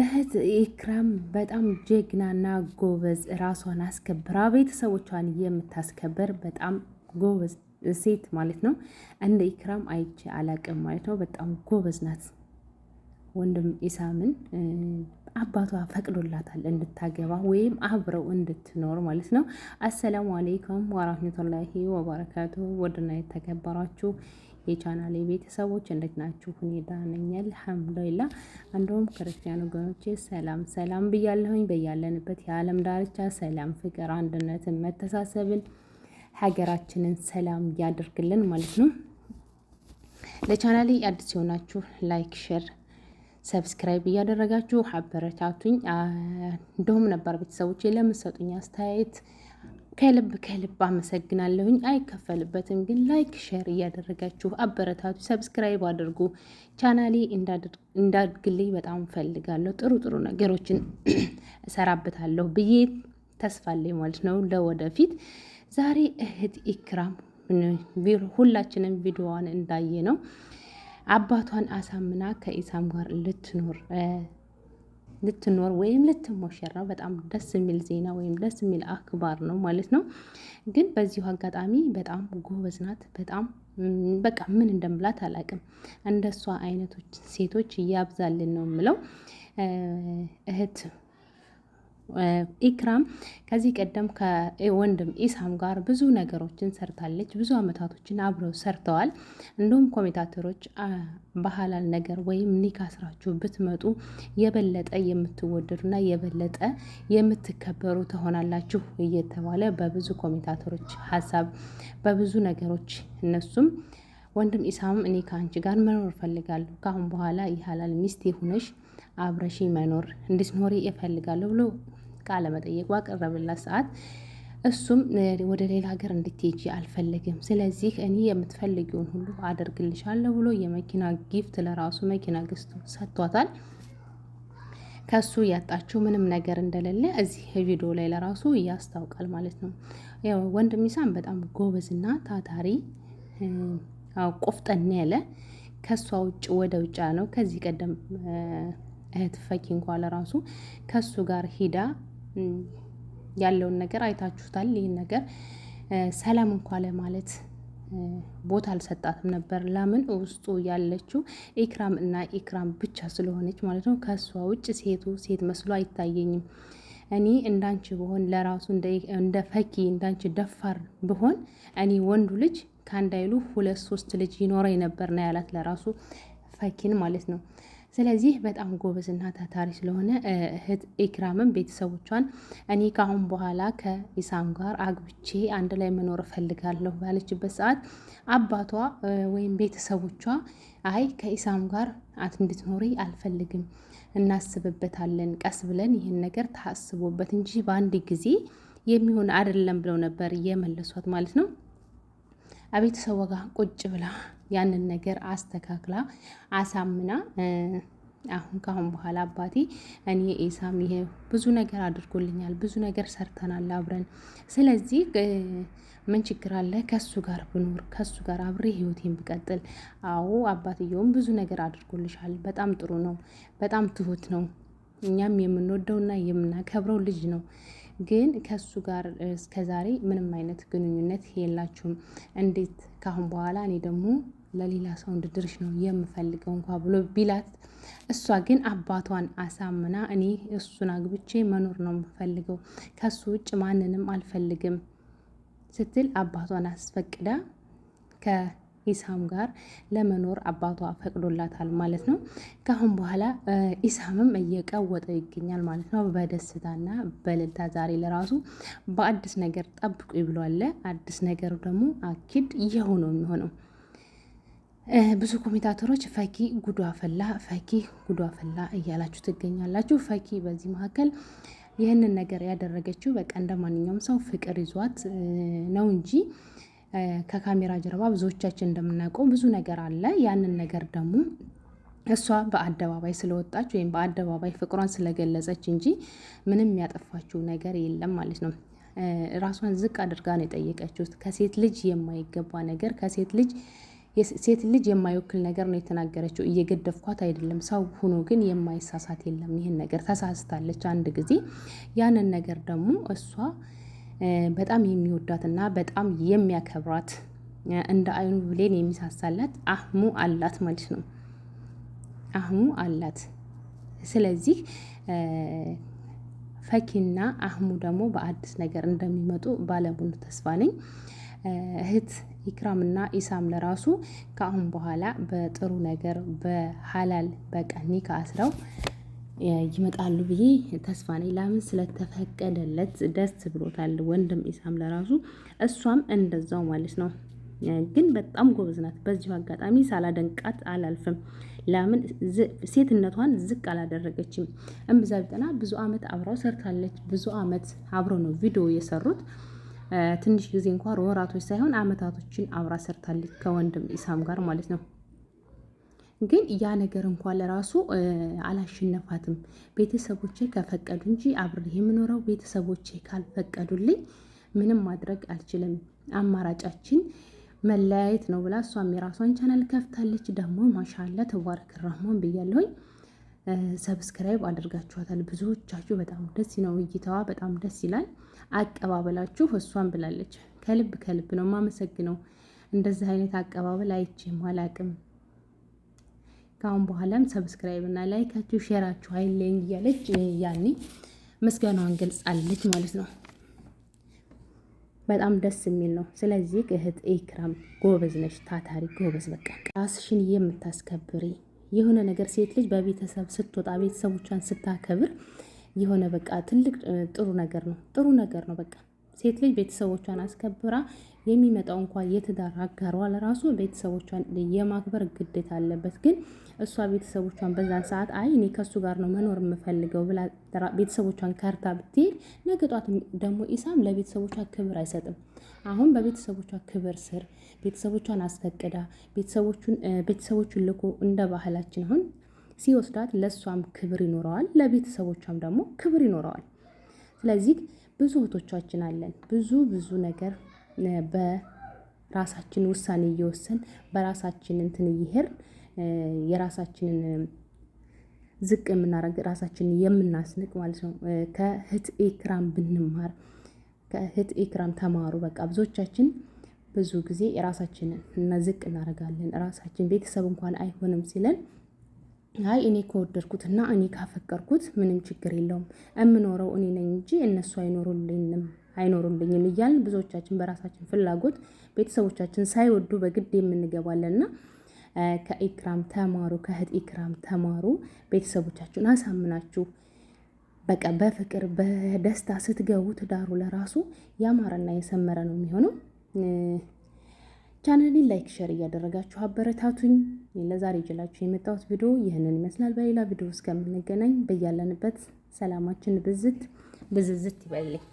እህት ኢክራም በጣም ጀግናና ጎበዝ ራሷን አስከብራ ቤተሰቦቿን የምታስከብር በጣም ጎበዝ ሴት ማለት ነው። እንደ ኢክራም አይቼ አላቅም ማለት ነው። በጣም ጎበዝ ናት። ወንድም ኢሳምን አባቷ ፈቅዶላታል እንድታገባ ወይም አብረው እንድትኖር ማለት ነው። አሰላሙ አሌይኩም ወራህመቱላሂ ወበረካቱ ወድና የተከበራችሁ የቻናል ቤተሰቦች እንዴት ናችሁ? እኔ ደህና ነኝ አልሐምዱሊላህ። እንደውም ክርስቲያን ወገኖቼ ሰላም ሰላም ብያለሁኝ። በያለንበት የዓለም ዳርቻ ሰላም፣ ፍቅር፣ አንድነትን፣ መተሳሰብን ሀገራችንን ሰላም ያደርግልን ማለት ነው። ለቻናሌ አዲስ የሆናችሁ ላይክ፣ ሼር፣ ሰብስክራይብ እያደረጋችሁ አበረታቱኝ። እንደውም ነበር ቤተሰቦች ለምሰጡኝ አስተያየት ከልብ ከልብ አመሰግናለሁኝ። አይከፈልበትም፣ ግን ላይክ ሼር እያደረጋችሁ አበረታቱ፣ ሰብስክራይብ አድርጉ። ቻናሌ እንዳድግልኝ በጣም ፈልጋለሁ። ጥሩ ጥሩ ነገሮችን እሰራበታለሁ ብዬ ተስፋ ማለት ነው ለወደፊት። ዛሬ እህት ኢክራም ሁላችንም ቪዲዮዋን እንዳየ ነው አባቷን አሳምና ከኢሳም ጋር ልትኖር ልትኖር ወይም ልትሞሸር ነው። በጣም ደስ የሚል ዜና ወይም ደስ የሚል አክባር ነው ማለት ነው። ግን በዚሁ አጋጣሚ በጣም ጎበዝ ናት። በጣም በቃ ምን እንደምላት አላውቅም። እንደሷ አይነቶች ሴቶች እያብዛልን ነው የምለው እህት ኢክራም ከዚህ ቀደም ከወንድም ኢሳም ጋር ብዙ ነገሮችን ሰርታለች። ብዙ አመታቶችን አብረው ሰርተዋል። እንዲሁም ኮሜንታተሮች ባህላል ነገር ወይም ኒካ ስራችሁ ብትመጡ የበለጠ የምትወደዱና የበለጠ የምትከበሩ ትሆናላችሁ እየተባለ በብዙ ኮሜንታተሮች ሀሳብ በብዙ ነገሮች እነሱም ወንድም ኢሳም እኔ ከአንቺ ጋር መኖር ፈልጋለሁ ከአሁን በኋላ የሐላል ሚስት ሆነሽ አብረሽ መኖር እንድትኖሪ እፈልጋለሁ ብሎ ቃለ መጠየቅ ባቀረበላት ሰዓት እሱም ወደ ሌላ ሀገር እንድትሄጂ አልፈልግም፣ ስለዚህ እኔ የምትፈልጊውን ሁሉ አደርግልሻለሁ ብሎ የመኪና ጊፍት ለራሱ መኪና ገዝቶ ሰጥቷታል። ከሱ ያጣችው ምንም ነገር እንደሌለ እዚህ ቪዲዮ ላይ ለራሱ ያስታውቃል ማለት ነው። ወንድም ይሳም በጣም ጎበዝና ታታሪ ቆፍጠን ያለ ከእሷ ውጭ ወደ ውጫ ነው ከዚህ ቀደም እህት ፈኪ እንኳ ለራሱ ከሱ ጋር ሂዳ ያለውን ነገር አይታችሁታል። ይህን ነገር ሰላም እንኳ ለማለት ቦታ አልሰጣትም ነበር። ለምን ውስጡ ያለችው ኢክራም እና ኢክራም ብቻ ስለሆነች ማለት ነው። ከእሷ ውጭ ሴቱ ሴት መስሎ አይታየኝም። እኔ እንዳንቺ ብሆን ለራሱ እንደ ፈኪ እንዳንቺ ደፋር ብሆን እኔ ወንዱ ልጅ ከአንድ አይሉ ሁለት ሶስት ልጅ ይኖረኝ ነበር ና ያላት ለራሱ ፈኪን ማለት ነው። ስለዚህ በጣም ጎበዝና ታታሪ ስለሆነ እህት ኤክራምን ቤተሰቦቿን እኔ ከአሁን በኋላ ከኢሳም ጋር አግብቼ አንድ ላይ መኖር እፈልጋለሁ ባለችበት ሰዓት አባቷ ወይም ቤተሰቦቿ አይ ከኢሳም ጋር አት እንድትኖሪ አልፈልግም፣ እናስብበታለን፣ ቀስ ብለን ይህን ነገር ታስቦበት እንጂ በአንድ ጊዜ የሚሆን አይደለም ብለው ነበር የመለሷት ማለት ነው። ቤተሰቧ ጋር ቁጭ ብላ ያንን ነገር አስተካክላ አሳምና አሁን ካሁን በኋላ አባቴ እኔ ኤሳም ይሄ ብዙ ነገር አድርጎልኛል፣ ብዙ ነገር ሰርተናል አብረን። ስለዚህ ምን ችግር አለ ከሱ ጋር ብኖር፣ ከሱ ጋር አብሬ ህይወቴን ብቀጥል? አዎ አባትየውም ብዙ ነገር አድርጎልሻል። በጣም ጥሩ ነው፣ በጣም ትሁት ነው፣ እኛም የምንወደውና የምናከብረው ልጅ ነው። ግን ከሱ ጋር እስከዛሬ ምንም አይነት ግንኙነት የላችሁም። እንዴት ካሁን በኋላ እኔ ደግሞ ለሌላ ሰው እንድድርሽ ነው የምፈልገው እንኳ ብሎ ቢላት፣ እሷ ግን አባቷን አሳምና እኔ እሱን አግብቼ መኖር ነው የምፈልገው ከሱ ውጭ ማንንም አልፈልግም ስትል አባቷን አስፈቅዳ ኢሳም ጋር ለመኖር አባቷ ፈቅዶላታል ማለት ነው። ከአሁን በኋላ ኢሳምም እየቀወጠ ይገኛል ማለት ነው። በደስታና በእልልታ ዛሬ ለራሱ በአዲስ ነገር ጠብቁ ይብሏለ። አዲስ ነገር ደግሞ አኪድ የሆነው የሚሆነው ብዙ ኮሚታተሮች ፈኪ ጉዷ ፈላ፣ ፈኪ ጉዷ ፈላ እያላችሁ ትገኛላችሁ። ፈኪ በዚህ መካከል ይህንን ነገር ያደረገችው በቃ እንደ ማንኛውም ሰው ፍቅር ይዟት ነው እንጂ ከካሜራ ጀርባ ብዙዎቻችን እንደምናውቀው ብዙ ነገር አለ። ያንን ነገር ደግሞ እሷ በአደባባይ ስለወጣች ወይም በአደባባይ ፍቅሯን ስለገለጸች እንጂ ምንም ያጠፋችው ነገር የለም ማለት ነው። ራሷን ዝቅ አድርጋ ነው የጠየቀችው። ከሴት ልጅ የማይገባ ነገር ከሴት ልጅ ሴት ልጅ የማይወክል ነገር ነው የተናገረችው። እየገደፍኳት አይደለም፣ ሰው ሆኖ ግን የማይሳሳት የለም። ይህን ነገር ተሳስታለች አንድ ጊዜ። ያንን ነገር ደግሞ እሷ በጣም የሚወዳትና በጣም የሚያከብራት እንደ አይኑ ብሌን የሚሳሳላት አህሙ አላት ማለት ነው። አህሙ አላት። ስለዚህ ፈኪና አህሙ ደግሞ በአዲስ ነገር እንደሚመጡ ባለሙሉ ተስፋ ነኝ። እህት ኢክራምና ኢሳም ለራሱ ከአሁን በኋላ በጥሩ ነገር በሀላል በቀኒ ከአስረው ይመጣሉ ብዬ ተስፋ ነኝ። ለምን ስለተፈቀደለት ደስ ብሎታል ወንድም ኢሳም ለራሱ እሷም እንደዛው ማለት ነው። ግን በጣም ጎበዝ ናት። በዚሁ አጋጣሚ ሳላደንቃት አላልፍም። ለምን ሴትነቷን ዝቅ አላደረገችም። እምብዛ ቢጠና ብዙ አመት አብረው ሰርታለች። ብዙ አመት አብረው ነው ቪዲዮ የሰሩት። ትንሽ ጊዜ እንኳን ወራቶች ሳይሆን አመታቶችን አብራ ሰርታለች ከወንድም ኢሳም ጋር ማለት ነው። ግን ያ ነገር እንኳን ለራሱ አላሸነፋትም። ቤተሰቦቼ ከፈቀዱ እንጂ አብሬ የምኖረው ቤተሰቦቼ ካልፈቀዱልኝ ምንም ማድረግ አልችልም፣ አማራጫችን መለያየት ነው ብላ እሷም የራሷን ቻናል ከፍታለች። ደግሞ ማሻላ ተባረክ ራህማን ብያለሁኝ። ሰብስክራይብ አድርጋችኋታል ብዙዎቻችሁ። በጣም ደስ ነው እይታዋ፣ በጣም ደስ ይላል አቀባበላችሁ። እሷን ብላለች ከልብ ከልብ ነው ማመሰግነው። እንደዚህ አይነት አቀባበል አይቼም አላቅም። ከአሁን በኋላም ሰብስክራይብ እና ላይካችሁ ሼራችሁ አይለኝ እያለች ያኔ ምስጋናዋን ገልጻለች ማለት ነው። በጣም ደስ የሚል ነው። ስለዚህ እህት ኤክራም ጎበዝ ነች፣ ታታሪ ጎበዝ፣ በቃ ራስሽን የምታስከብሪ የሆነ ነገር ሴት ልጅ በቤተሰብ ስትወጣ ቤተሰቦቿን ስታከብር የሆነ በቃ ትልቅ ጥሩ ነገር ነው፣ ጥሩ ነገር ነው በቃ ሴት ልጅ ቤተሰቦቿን አስከብራ የሚመጣው እንኳ የትዳር አጋሯ ለራሱ ቤተሰቦቿን የማክበር ግዴታ አለበት። ግን እሷ ቤተሰቦቿን በዛን ሰዓት አይ እኔ ከሱ ጋር ነው መኖር የምፈልገው ብላ ቤተሰቦቿን ከርታ ብትሄድ ነገ ጧት ደግሞ ኢሳም ለቤተሰቦቿ ክብር አይሰጥም። አሁን በቤተሰቦቿ ክብር ስር ቤተሰቦቿን አስፈቅዳ ቤተሰቦቹን ልኮ እንደ ባህላችን አሁን ሲወስዳት ለእሷም ክብር ይኖረዋል፣ ለቤተሰቦቿም ደግሞ ክብር ይኖረዋል። ስለዚህ ብዙ እህቶቻችን አለን ብዙ ብዙ ነገር በራሳችን ውሳኔ እየወሰን በራሳችን እንትን እየሄድን የራሳችንን ዝቅ የምናደርግ ራሳችንን የምናስንቅ ማለት ነው። ከእህት ኤክራም ብንማር ከእህት ኤክራም ተማሩ። በቃ ብዙዎቻችን ብዙ ጊዜ ራሳችንን እና ዝቅ እናደርጋለን። ራሳችን ቤተሰብ እንኳን አይሆንም ሲለን አይ እኔ እና እኔ ካፈቀርኩት ምንም ችግር የለውም እምኖረው እኔ ነኝ እንጂ እነሱ አይኖሩልኝም አይኖሩልኝም እያልን ብዙዎቻችን በራሳችን ፍላጎት ቤተሰቦቻችን ሳይወዱ በግድ የምንገባለንና ከኢክራም ተማሩ፣ ከእህት ኢክራም ተማሩ። ቤተሰቦቻችሁን አሳምናችሁ በቃ በፍቅር በደስታ ስትገቡ ትዳሩ ለራሱ ያማረና የሰመረ ነው የሚሆነው። ቻናሌን ላይክ፣ ሸር እያደረጋችሁ አበረታቱኝ። ለዛሬ ይዤላችሁ የመጣሁት ቪዲዮ ይህንን ይመስላል። በሌላ ቪዲዮ እስከምንገናኝ በያለንበት ሰላማችን ብዝት ብዝዝት ይበልልኝ።